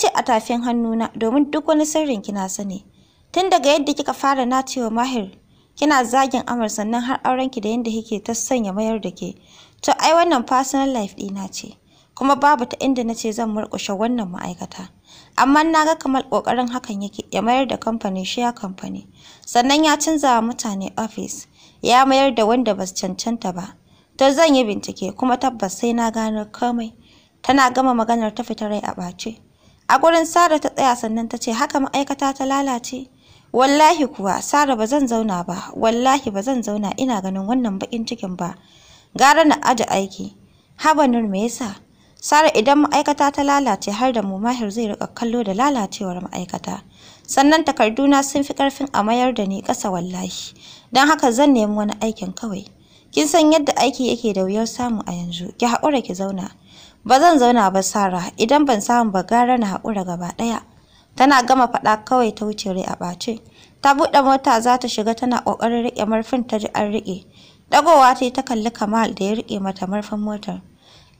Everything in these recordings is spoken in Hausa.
ce a tafin hannuna domin duk wani sirrin kina sani. Tun daga yadda kika fara na cewa Mahir kina zagin Amar sannan har auren ki da yadda kike ta sanya mayar da ke. To ai wannan personal life ɗina ce. Kuma babu ta inda na ce zan murƙushe wannan ma'aikata. Amma na ga kamar ƙoƙarin hakan yake ya mayar da kamfani shi ya kamfani. Sannan ya canza wa mutane ofis. Ya mayar da wanda ba cancanta ba. To zan yi bincike kuma tabbas sai na gano komai. Tana gama maganar ta fita rai a ɓace. a gurin Sara ta tsaya sannan ta ce haka ma'aikata ta lalace wallahi kuwa Sara ba zan zauna ba wallahi ba zan zauna ina ganin wannan bakin cikin ba gara na aje aiki haba nur me yasa Sara idan ma'aikata ta lalace har da mu mahir zai rika kallo da lalacewar ma'aikata sannan takarduna sun fi karfin a mayar da ni ƙasa wallahi don haka zan nemi wani aikin kawai kin san yadda aiki yake da wuyar samu a yanzu ki haƙura ki zauna ba zan zauna ba sara idan ban samu ba gara na haƙura gaba ɗaya tana gama faɗa kawai ta wuce rai a ɓace ta buɗe mota za ta shiga tana ƙoƙarin riƙe marfin, ta ji an riƙe ɗagowa ta ta kalli kamal da ya riƙe mata marfin motar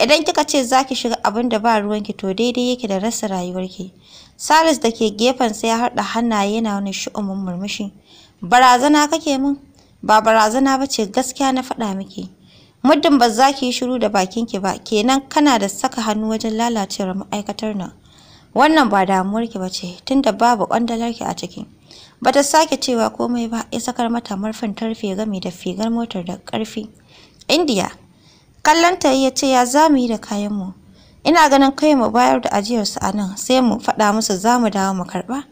idan kika ce za ki shiga abin da ba ruwanki to daidai yake da rasa rayuwarki salis da ke gefensa ya haɗa hannaye yana wani shu'umin murmushi barazana kake min ba barazana ba ce gaskiya na faɗa miki muddin ba za ki yi shiru da ki ba kenan kana da saka hannu wajen lalacewar ma'aikatar nan wannan ba damuwarki ba ce tunda babu ƙwandalarki a ciki ta sake cewa komai ba ya sakar mata marfin tarfe game da figar motar da ƙarfi indiya kallon ta ya ce ya za mu yi da kayanmu ina ganin kai mu bayar da ajiyarsu a nan sai mu faɗa musu za mu dawo mu karɓa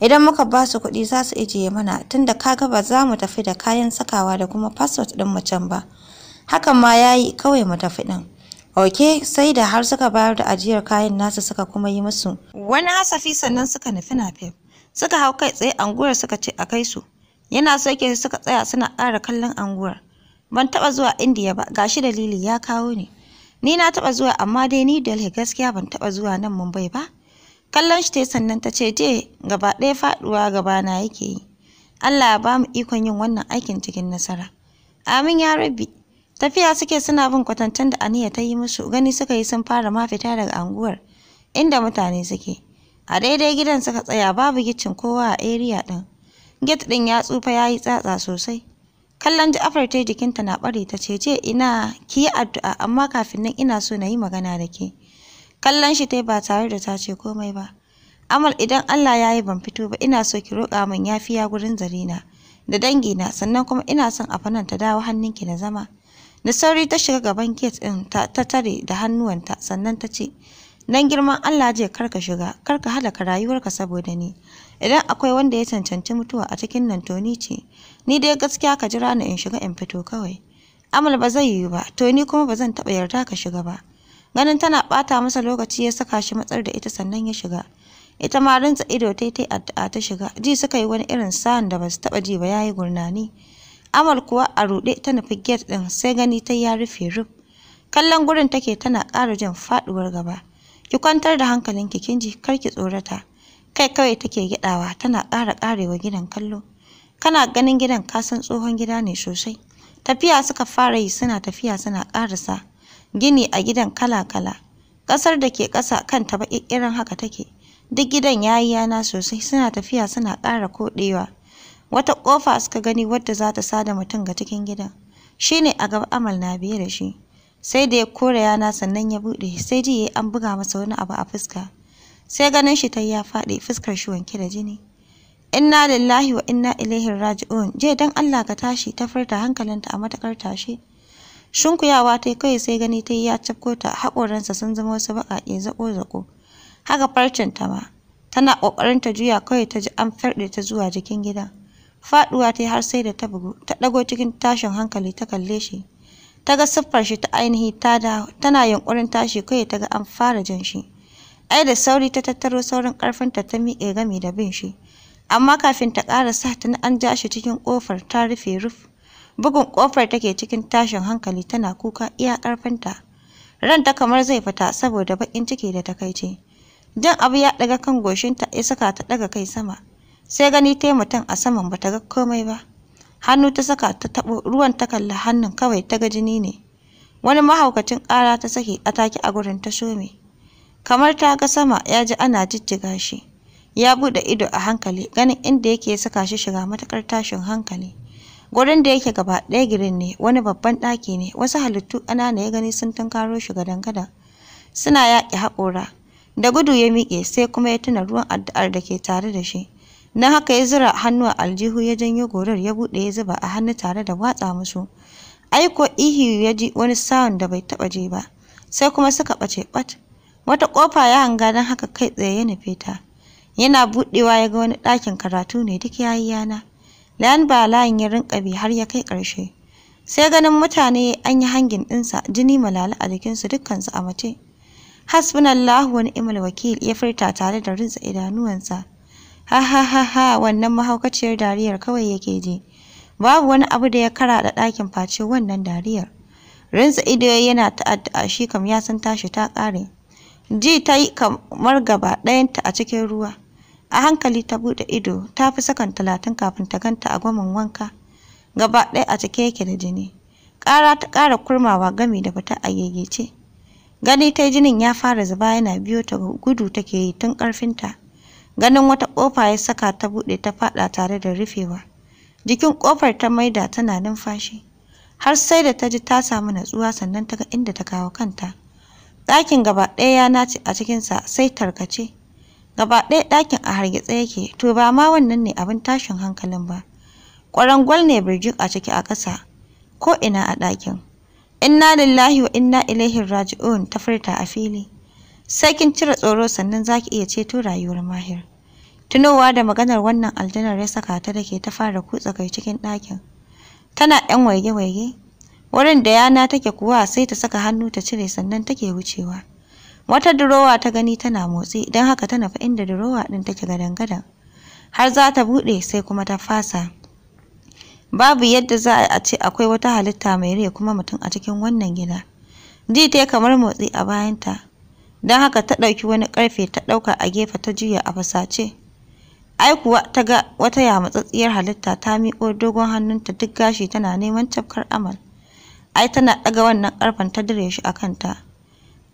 idan muka ba su kuɗi za su ijiye mana tunda kaga ba za mu tafi da kayan sakawa da kuma fasfot ɗin mu can ba hakan ma ya yi kawai mu tafi ɗin ok sai da har suka bayar da ajiyar kayan nasu suka kuma yi musu wani hasafi sannan suka nufi nafef suka hau kai tsaye anguwar suka ce a kai su yana soke suka tsaya suna ƙara kallon anguwar ban taɓa zuwa indiya ba gashi dalili ya kawo ne ni na taɓa zuwa amma dai ni delhi gaskiya ban taɓa zuwa nan mumbai ba kallon shi ta sannan ta ce je gaba ɗaya faɗuwa gaba na yake yi allah ya ba mu ikon yin wannan aikin cikin nasara amin ya rabbi Tafiya suke suna bin kwatantan da Aniya ta yi musu gani suka yi sun fara ma fita daga anguwar inda mutane suke. A daidai gidan suka tsaya babu gicin kowa a area din Gate ɗin ya tsufa ya yi tsatsa sosai. Kallon ji ta jikinta na ɓare ta ce je ina ki yi addu'a amma kafin nan ina so na yi magana da ke. Kallon shi ta ba tare da ta ce komai ba. Amal idan Allah ya yi ban fito ba ina so ki roƙa min yafiya gurin zarina da dangina sannan kuma ina son a ta dawo hannunki na zama. da sauri ta shiga gaban gate ɗin ta tare da hannuwanta sannan ta ce nan girman Allah je kar ka shiga kar ka halaka rayuwarka saboda ni idan akwai wanda ya cancanci mutuwa a cikin nan to ni ce ni dai gaskiya ka jira ni in shiga in fito kawai amal ba zai yiwu ba to ni kuma ba zan taɓa yarda ka shiga ba ganin tana ɓata masa lokaci ya saka shi matsar da ita sannan ya shiga ita ma rinta ido ta yi addu'a ta shiga ji suka yi wani irin sa'an da ba su taɓa ji ba yayi gurnani Amal kuwa a ruɗe ta nufi gate ɗin sai gani ta ya rufe ruf. Kallon gurin take tana ƙara jin faɗuwar gaba. Ki kwantar da hankalinki kinji kar ki tsorata. Kai kawai take gyaɗawa tana ƙara ƙarewa gidan kallo. Kana ganin gidan kasan tsohon gida ne sosai. Tafiya suka fara yi suna tafiya suna ƙarasa. Gini a gidan kala-kala. Ƙasar da ke ƙasa kanta baƙiƙiran haka take. Duk gidan ya yi yana sosai suna tafiya suna ƙara koɗewa. wata ƙofa suka gani wadda za ta sada mutum ga cikin gidan shi ne a gaba amal na biye da shi sai da ya kore yana sannan ya buɗe sai ji an buga masa wani abu a fuska sai ganin shi ta ya faɗi fuskar shi wanke da jini inna lillahi wa inna ilaihi raji'un je dan Allah ka tashi ta furta hankalinta a matakar tashi shunkuyawa ta kawai sai gani ta yi ya cafko ta haƙoransa sun zama wasu baƙaƙe zaƙo-zaƙo haka farcen ta ma tana ƙoƙarin ta juya kawai ta ji an farɗe ta zuwa jikin gida faduwa ta har sai da ta bugu ta ɗago cikin tashin hankali ta kalle shi ta ga siffar shi ta ainihi ta da tana yunkurin tashi kai ta ga an fara jan shi ai da sauri ta tattaro saurin ƙarfinta ta miƙe gami da bin shi amma kafin ta ƙara sa ta an ja shi cikin ƙofar ta rufe ruf bugun ƙofar take cikin tashin hankali tana kuka iya ƙarfinta ranta kamar zai fita saboda baƙin ciki da takaici jan abu ya ɗaga kan goshinta ya saka ta ɗaga kai sama sai gani ta mutum a saman bata ga komai ba hannu ta saka ta taɓo ruwan ta kalla hannun kawai ta ga jini ne wani mahaukacin ƙara ta sake a take a gurin ta shome kamar ta ga sama ya ji ana jijjiga shi ya buɗe ido a hankali ganin inda yake saka shi shiga matakar tashin hankali gurin da yake gaba ɗaya girin ne wani babban ɗaki ne wasu halittu ƙanana ya gani sun tunkaro shi gadan gada suna yaƙi haƙora da gudu ya miƙe sai kuma ya tuna ruwan addu'ar da ke tare da shi na haka ya zura hannu a aljihu ya janyo gorar ya buɗe ya zuba a hannu tare da watsa musu aiko ihu ya ji wani sound da bai taɓa je ba sai kuma suka bace bat wata ƙofa ya hanga dan haka kai tsaye ya nufe ta yana buɗewa ya ga wani dakin karatu ne duk yayi yana lan ba layin ya rinka bi har ya kai karshe sai ganin mutane an yi hangin ɗinsa jini malala a jikinsu dukkansu a mace hasbunallahu wani ni'mal wakil ya furta tare da rinsa idanuwansa ha wannan mahaukaciyar dariyar kawai yake ji babu wani abu da ya kara da ɗakin face wannan dariyar rinsa ido yana ta'adda, shi kam ya san tashi ta ƙare ji ta yi kamar gaba ɗayanta a cikin ruwa a hankali ta buɗe ido ta fi sakan talatin kafin ta ganta a gwamin wanka gaba ɗaya a cike yake da jini ƙara ta ƙara kurmawa gami da fita a gegece gani ta jinin ya fara zuba yana biyo ta gudu take yi tun ƙarfinta ganin wata ƙofa ya saka ta buɗe ta faɗa tare da rufewa jikin ƙofar ta maida tana numfashi har sai da ta ji ta samu natsuwa sannan ta ga inda ta kawo kanta ɗakin gaba ɗaya ya nace a cikin sa sai tarkace gaba ɗaya ɗakin a hargitse yake to ba ma wannan ne abin tashin hankalin ba ƙwarangwal ne birjik a ciki a ƙasa ko ina a ɗakin inna lillahi wa inna ilaihi raji'un ta furta a fili sai kin cire tsoro sannan za ki iya ceto rayuwar mahir tunowa da maganar wannan aljanar ya saka ta da ke ta fara kutsa kai cikin ɗakin tana ɗan waige-waige wurin da yana take kuwa sai ta saka hannu ta cire sannan take wucewa wata durowa ta gani tana motsi don haka ta nufi inda durowa ɗin take gadan-gadan har za ta buɗe sai kuma ta fasa babu yadda za a ce akwai wata halitta mai rai kuma mutum a cikin wannan gida ji ta kamar motsi a bayanta don haka ta ɗauki wani ƙarfe ta ɗauka a gefe ta juya a fasace. Ai kuwa ta ga wata yamatsatsiyar halitta ta miƙo dogon hannunta duk gashi tana neman cafkar amal. Ai tana ɗaga wannan ƙarfen ta dire shi a kanta.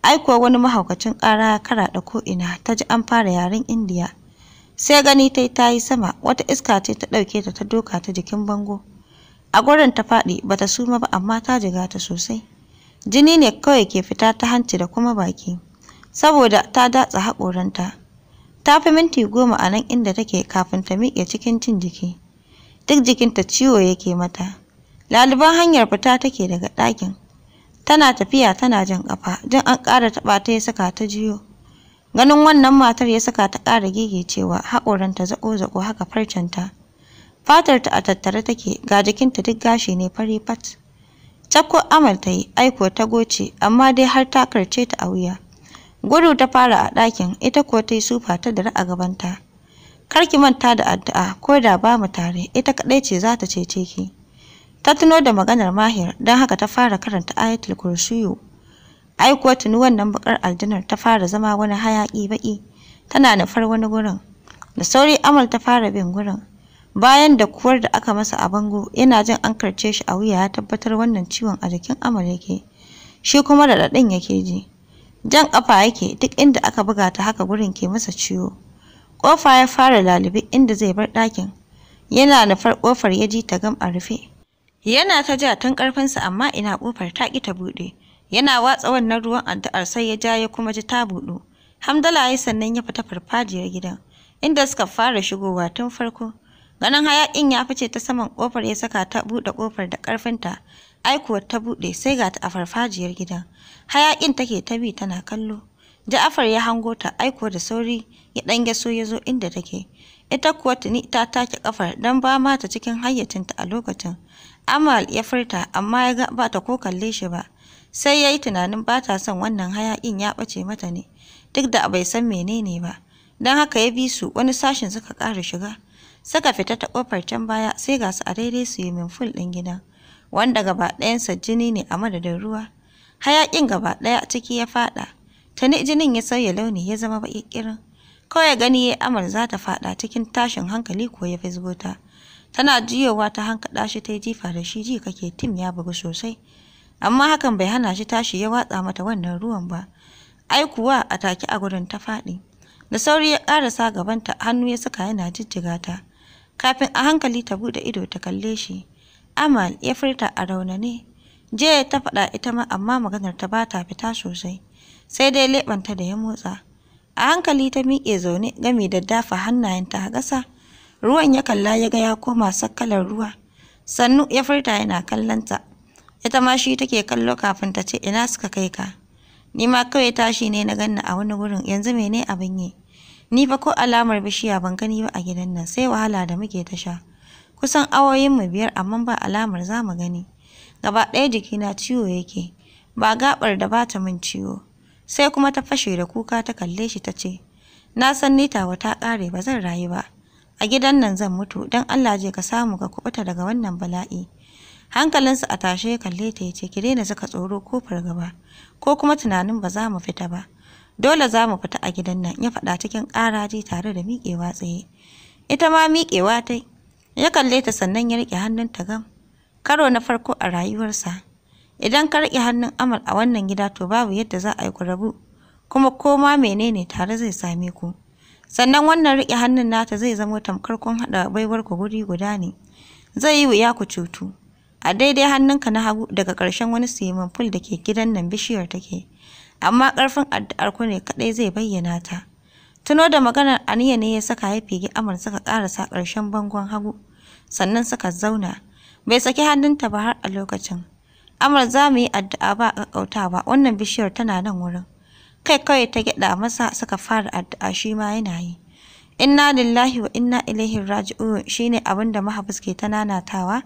Ai kuwa wani mahaukacin ƙara ya karaɗa ko'ina ta ji an fara yaren Indiya. Sai gani ta yi ta yi sama wata iska ce ta ɗauke ta ta doka ta jikin bango. A gurin ta faɗi bata suma ba amma ta jiga ta sosai. Jini ne kawai ke fita ta hanci da kuma baki. saboda ta datsa haƙoranta. Ta fi minti goma a nan inda take kafin ta miƙe cikin cin jiki. Duk jikinta ciwo yake mata. Laliban hanyar fita take daga ɗakin. Tana tafiya tana jan ƙafa, jin an ƙara taɓa ta ya saka ta jiyo. Ganin wannan matar ya saka ta ƙara gegecewa, haƙoranta zaƙo-zaƙo haka farcenta. Fatarta a tattare take, ga jikinta duk gashi ne fari fat. Cakko Amal ta yi, aiko ta goce, amma dai har ta karce ta a wuya. Gudu ta fara a ɗakin, ita ko ta yi sufa ta dare a gabanta. Kar ki manta da addu'a ko da ba mu tare, ita kaɗai ce za ta cece ki. Ta tuno da maganar Mahir, don haka ta fara karanta ayatul kursiyu. Ai kuwa tuni wannan bakar aljanar ta fara zama wani hayaƙi baƙi, tana nufar wani gurin. Da sauri Amal ta fara bin gurin. Bayan da kuwar da aka masa a bango, yana jin an karce shi a wuya ya tabbatar wannan ciwon a jikin Amal yake. Shi kuma raɗaɗin yake ji. jan ƙafa yake duk inda aka buga ta haka gurin ke masa ciwo ƙofa ya fara lalube inda zai bar ɗakin yana nufar ƙofar ya ji ta gam a rufe yana ta ja tun ƙarfinsa amma ina ƙofar ta ƙi ta buɗe yana watsa wannan ruwan addu'ar sai ya ja ya kuma ji ta buɗu hamdala ya sannan ya fita farfajiyar gidan inda suka fara shigowa tun farko ganin hayaƙin ya fice ta saman ƙofar ya saka ta buɗe ƙofar da ƙarfinta aikuwar ta buɗe sai ga ta a farfajiyar gidan hayaƙin take ta bi tana kallo Ja'afar ya hango ta aikuwar da sauri ya ɗan gaso ya zo inda take ita kuwa tuni ta take kafar dan ba ma ta cikin hayyacinta a lokacin Amal ya furta amma ya ga ba ta ko kalle shi ba sai ya yi tunanin ba ta son wannan hayaƙin ya bace mata ne duk da bai san menene ba don haka ya bi su wani sashin suka ƙara shiga suka fita ta ƙofar can baya sai ga su a daidai su yi min ful ɗin gidan wanda gaba ɗayansa jini ne a madadin ruwa. Hayaƙin gaba ɗaya a ciki ya faɗa. Tani jinin ya sauya launi ya zama baƙi ƙirin. Kawai gani ya Amal za ta faɗa cikin tashin hankali ko ya fisgo ta. Tana jiyowa ta hankaɗa shi ta yi jifa da shi ji kake tim ya bugu sosai. Amma hakan bai hana shi tashi ya watsa mata wannan ruwan ba. Ai kuwa a take a gurin ta faɗi. Da sauri ya ƙarasa gabanta hannu ya saka yana jijjiga ta. Kafin a hankali ta buɗe ido ta kalle shi. Amal ya furta a raunane. Jiya ta faɗa ita ma amma maganar ta ba ta fita sosai, sai dai leɓanta da ya motsa. A hankali ta miƙe zaune gami da dafa hannayenta a ƙasa. Ruwan ya kalla ya ga ya koma sakkalar ruwa. Sannu ya furta yana kallonta. Ita ma shi take kallo kafin ta ce ina suka kai ka. Ni ma kawai tashi ne na ganna a wani wurin, yanzu mene abin yi. Ni fa ko alamar bishiya ban gani ba a gidan nan sai wahala da muke ta sha. Kusan awoyinmu biyar amma ba alamar za mu gani. Gaba ɗaya jikina ciwo yake, ba gaɓar da ba ta min ciwo. Sai kuma ta fashe da kuka ta kalle shi ta ce, Na san ni tawa ta ƙare ba zan rayu ba. A gidan nan zan mutu don Allah je ka samu ka kuɓuta daga wannan bala'i. Hankalinsa a tashe ya kalle ta ya ce ki daina saka tsoro ko fargaba ko kuma tunanin ba za mu fita ba. Dole za mu fita a gidan nan ya faɗa cikin ƙaraji tare da miƙewa tsaye. Ita ma miƙewa ta Ya kalle ta sannan ya riƙe hannunta gam. Karo na farko a rayuwarsa. Idan ka riƙe hannun Amal a wannan gida to babu yadda za a yi ku rabu. Kuma koma menene tare zai same ku. Sannan wannan riƙe hannun nata zai zamo tamkar kun haɗa baiwar ku guri guda ne. Zai yi wuya ku cutu. A daidai hannunka na hagu daga ƙarshen wani siman ful da ke gidan nan bishiyar take. Amma ƙarfin addu'ar ku ne kaɗai zai bayyana ta. Tuno da maganar Aniya ne ya saka ya fige Amar suka ƙarasa ƙarshen bangon hagu, sannan suka zauna. Bai saki hannunta ba har a lokacin. Amar za mu yi addu'a ba ba. wannan bishiyar tana nan wurin. Kai kawai ta gyaɗa masa suka fara addu'a shi ma yana yi. Inna lillahi wa inna ilaihi raji'un shine abin da mahabus ke ta nanatawa,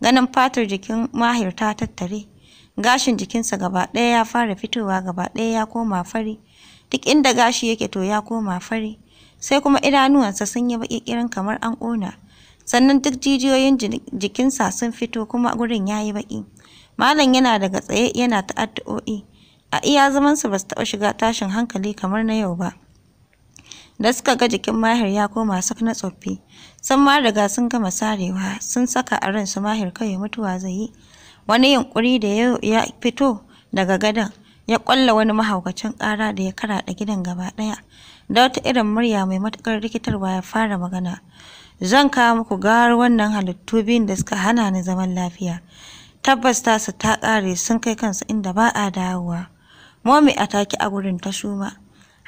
ganin fatar jikin mahir ta tattare. gashin jikinsa gaba ɗaya ya fara fitowa gaba ɗaya ya koma fari duk inda gashi yake to ya koma fari sai kuma idanuwansa sun yi baki kiran kamar an ƙona sannan duk jijiyoyin jikinsa sun fito kuma gurin ya yi baƙi malam yana daga tsaye yana ta addu'o'i a iya zamansa ba su taɓa shiga tashin hankali kamar na yau ba da suka ga jikin mahir ya koma sak na tsoffi sun ma riga sun gama sarewa sun saka a ransu mahir kawai mutuwa zai yi wani yunƙuri da ya fito daga gadon ya ƙwalla wani mahaukacin ƙara da ya karaɗa gidan gaba ɗaya da wata irin murya mai matuƙar rikitarwa ya fara magana zan kawo muku gawar wannan halittu biyun da suka hana ni zaman lafiya tabbas ta su ta ƙare sun kai kansu inda ba a dawowa momi a take a gurin ta suma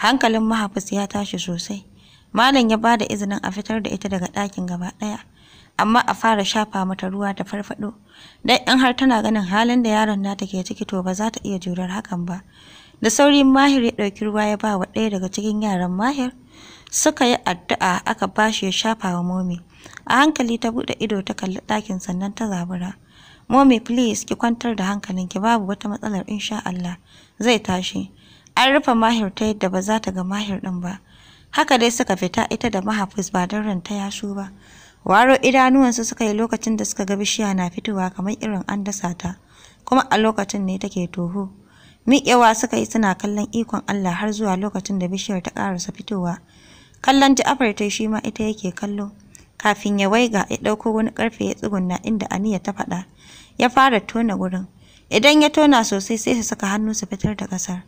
hankalin mahaifis ya tashi sosai malam ya ba da izinin a fitar da ita daga ɗakin gaba ɗaya amma a fara shafa mata ruwa da farfado dan in har tana ganin halin da yaron nata ke ciki to ba za ta iya jurar hakan ba da sauri mahir ya ɗauki ruwa ya ba wa ɗaya daga cikin yaran mahir suka yi addu'a aka bashi ya shafa wa momi a hankali ta buɗe ido ta kalli ɗakin sannan ta zabura momi please ki kwantar da hankalin ki. babu wata matsalar insha Allah zai tashi an rufe mahir ta yadda ba za ta ga mahir ɗin ba haka dai suka fita ita da mahafiz ba don ranta ya shu ba Waro idanuwansu suka yi lokacin da suka ga bishiya na fitowa kamar irin an dasa ta, kuma a lokacin ne take toho. Miƙewa suka yi suna kallon ikon Allah har zuwa lokacin da bishiyar ta ƙarasa fitowa. Kallon Ja'afar ta shi ma ita yake kallo. Kafin ya waiga ya ɗauko wani ƙarfe ya tsugunna inda Aniya ta faɗa. Ya fara tona gurin. Idan ya tona sosai sai su saka hannu su fitar da ƙasar.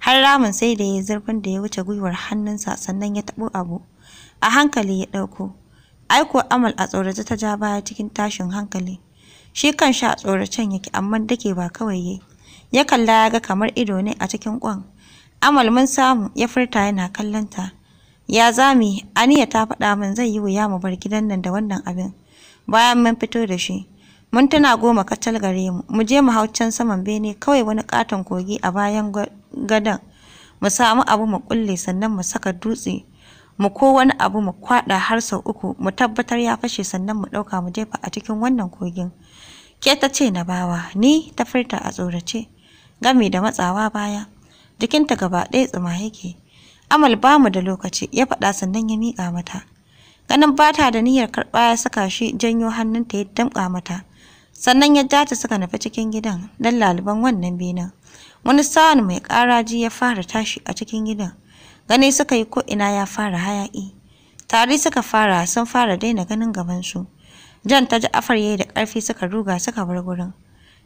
Har ramin sai da ya yi zurfin da ya wuce gwiwar hannunsa sannan ya taɓo abu. A hankali ya ɗauko. Ai Amal a tsorace ta ja baya cikin tashin hankali. Shi kan sha a tsoracen yake amma dake ba kawai yayi. Ya kalla ya ga kamar ido ne a cikin kwan. Amal mun samu ya furta yana kallon Ya zami Aniya ta faɗa min zai yi wuya mu bar gidan nan da wannan abin. Bayan mun fito da shi. Mun tana goma kacal gare mu. Mu je mu hau can saman bene kawai wani katon kogi a bayan gadon. Mu samu abu mu kulle sannan mu saka dutse. mu ko wani abu mu kwada har sau uku mu tabbatar ya fashe sannan mu ɗauka mu jefa a cikin wannan kogin ke ta ce na bawa ni ta furta a tsorace gami da matsawa baya jikinta gaba ɗaya tsuma yake amal ba mu da lokaci ya faɗa sannan ya miƙa mata ganin ba ta da niyyar karɓa ya saka shi janyo hannunta ya damƙa mata sannan ya ja ta suka nufi cikin gidan dan laliban wannan benen wani sa'an mai ƙaraji ya fara tashi a cikin gidan Gani suka yi ko'ina ya fara hayaƙi. Tari suka fara sun fara daina ganin gabansu. Jan ta Ja'afar ya yi da ƙarfi suka ruga suka bar gurin.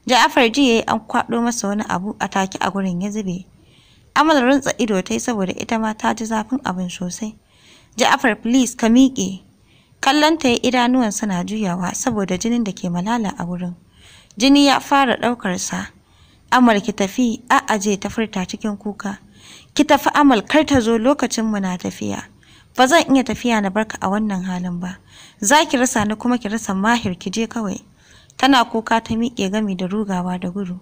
Ja'afar ji ya yi an kwaɗo masa wani abu a take a gurin ya zube. Amal runtsa ido ta yi saboda ita ma ta ji zafin abin sosai. Ja'afar please ka miƙe. ta ya idanuwan suna juyawa saboda jinin da ke malala a gurin. Jini ya fara ɗaukarsa. Amal ki tafi, a'a je ta furta cikin kuka. ki tafi amal kar ta zo lokacin mu na tafiya ba zan iya tafiya na barka a wannan halin ba za ki rasa ni kuma ki rasa mahir ki je kawai tana kuka ta miƙe gami da rugawa da gudu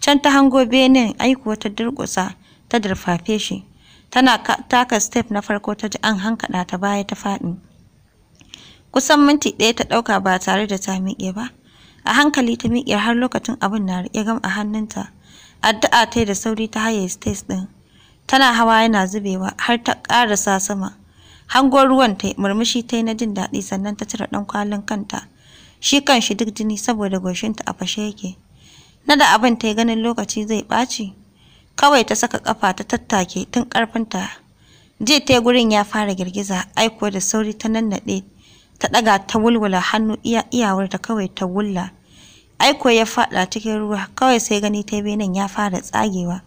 can ta hango benin aikuwa ta durƙusa ta durfafe shi tana taka step na farko ta ji an hankaɗa ta baya ta faɗi kusan minti ɗaya ta ɗauka ba tare da ta miƙe ba a hankali ta miƙe har lokacin abin na riƙe gam a hannunta addu'a ta da sauri ta haye stage ɗin tana hawa yana zubewa har ta ƙarasa sama hangon ruwan ta murmushi ta yi na jin daɗi sannan ta cire ɗan kwalin kanta shi kan shi duk jini saboda goshinta a fashe yake na da abin ta yi ganin lokaci zai ɓaci kawai ta saka ƙafa ta tattake tun ƙarfinta jiya ta gurin ya fara girgiza aiko da sauri ta nannaɗe ta ɗaga ta wulwula hannu iya iyawarta kawai ta wulla aiko ya faɗa cikin ruwa kawai sai gani ta benin ya fara tsagewa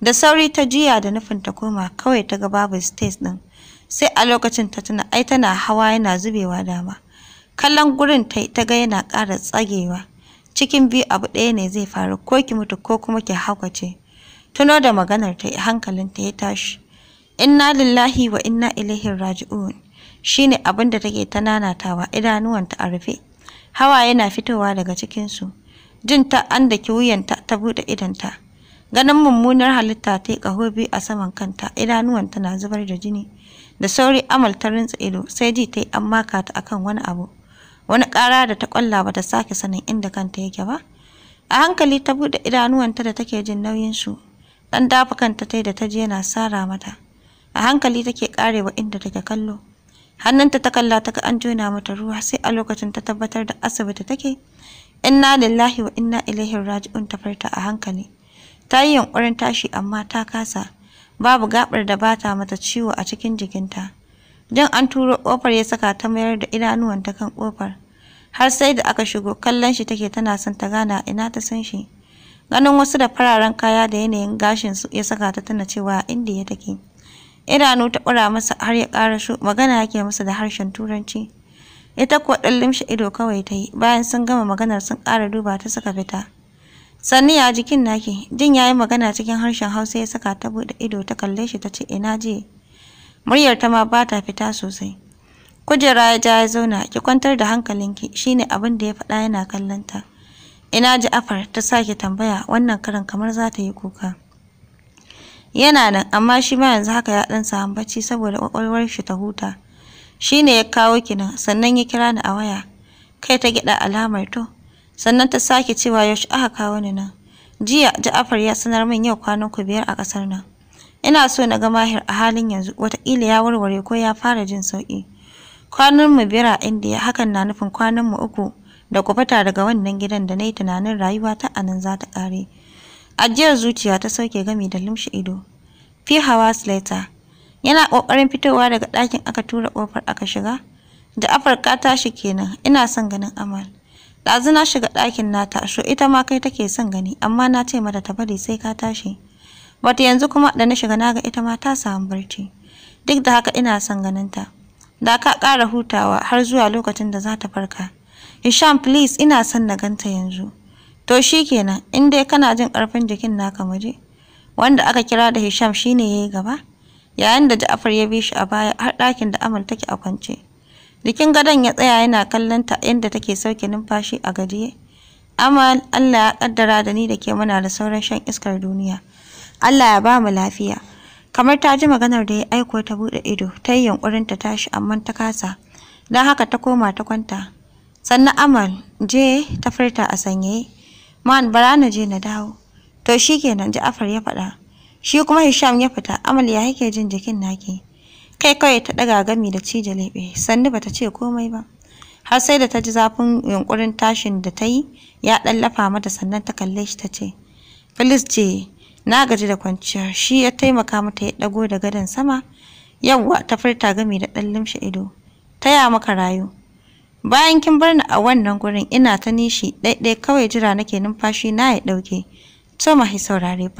da sauri ta jiya da nufin ta koma kawai ta ga babu stage din sai a lokacin ta tuna ai tana hawa yana zubewa dama kallon gurin ta ta ga yana ƙara tsagewa cikin biyu abu ɗaya ne zai faru ko ki mutu ko kuma ki haukace tuno da maganar ta hankalin ta ya tashi inna lillahi wa inna ilaihi raji'un shine abin da take ta nanatawa idanuwanta a rufe hawa yana fitowa daga cikinsu jin ta an da ki wuyanta ta buɗe idanta ganin mummunar halitta ta yi ƙaho biyu a saman kanta idanuwanta na zubar da jini da sauri amalta rintsa ido sai ji ta yi an maka ta akan wani abu wani ƙara da ta ƙwalla ba ta sake sanin inda kanta yake ba a hankali ta buɗe idanuwanta da take jin nauyin su ɗan dafa kanta ta da ta je yana sara mata a hankali take ƙarewa inda take kallo hannunta ta kalla ta ga an jona mata ruwa sai a lokacin ta tabbatar da asibiti take inna lillahi wa inna ilaihi raji'un ta farta a hankali ta yi yunƙurin tashi amma ta kasa babu gaɓar da ba ta mata ciwo a cikin jikinta jan an turo ƙofar ya saka ta mayar da idanuwanta kan ƙofar har sai da aka shigo kallon shi take tana son ta gana ina ta san shi ganin wasu da fararen kaya da yanayin gashin su ya saka ta tana cewa inda ya take idanu ta ƙura masa har ya ƙara shu magana yake masa da harshen turanci ita kuwa ɗan limshe ido kawai ta yi bayan sun gama maganar sun ƙara duba ta suka fita sanni ya jikin naki jin yi magana cikin harshen hausa ya saka ta buɗe ido ta kalle shi ta ce ina je muryar ta ma ba ta fita sosai kujera ya ja ya zauna ki kwantar da hankalinki shine abin da ya faɗa yana kallon ta ina ji afar ta sake tambaya wannan karin kamar za ta yi kuka yana nan amma shi ma yanzu haka ya ɗan samu bacci saboda ƙwaƙwalwar shi ta huta shine ya kawo ki nan sannan ya kira ni a waya kai ta gyaɗa alamar to sannan ta sake cewa yaushe aka kawo ni nan jiya ja'afar ya sanar min yau kwanan ku biyar a ƙasar nan ina so na ga mahir a halin yanzu wataƙila ya warware ko ya fara jin sauƙi kwanan mu biyar a indiya hakan na nufin kwanan mu uku da ku daga wannan gidan da na yi tunanin rayuwa ta a nan za ta ƙare ajiyar zuciya ta sauke gami da limshi ido Fi hawa later yana ƙoƙarin fitowa daga ɗakin aka tura ƙofar aka shiga da ka tashi kenan ina son ganin amal ɗazu na shiga ɗakin nata sho ita ma kai take son gani amma na ce mata ta bari sai ka tashi bata yanzu kuma da na shiga na ga ita ma ta samu barci duk da haka ina son ganinta da ka ƙara hutawa har zuwa lokacin da za ta farka Hisham please ina son na ganta yanzu to shi kenan, in dai kana jin ƙarfin jikin naka muje wanda aka kira da Hisham shine yayi gaba yayin da Ja'far ya bi shi a baya har ɗakin da Amal take a kwance Jikin gadon ya tsaya yana kallon ta yadda take sauke numfashi a gajiye. Amal Allah ya kaddara da ni da ke muna da sauran shan iskar duniya. Allah ya ba mu lafiya. Kamar ta ji maganar da ya aiko ta buɗe ido, ta yi yunkurin ta tashi amma ta kasa. Don haka ta koma ta kwanta. Sannan Amal je ta furta a sanyaye. Man bara na je na dawo. To shi kenan Ja'afar ya faɗa. Shi kuma Hisham ya fita, Amal ya yake jin jikin naki? kai kawai ta ɗaga gami da cijalebe leɓe sannu bata ce komai ba har sai da ta ji zafin yunkurin tashin da ta yi ya ɗan lafa mata sannan ta kalle shi ta ce filis je na gaji da kwanciyar shi ya taimaka mata ya ɗago da gadon sama yawwa ta furta gami da ɗan limshe ido taya maka rayu bayan kin bar ni a wannan gurin ina ta nishi ɗaiɗai kawai jira nake numfashi na ya ɗauke to mahi saurare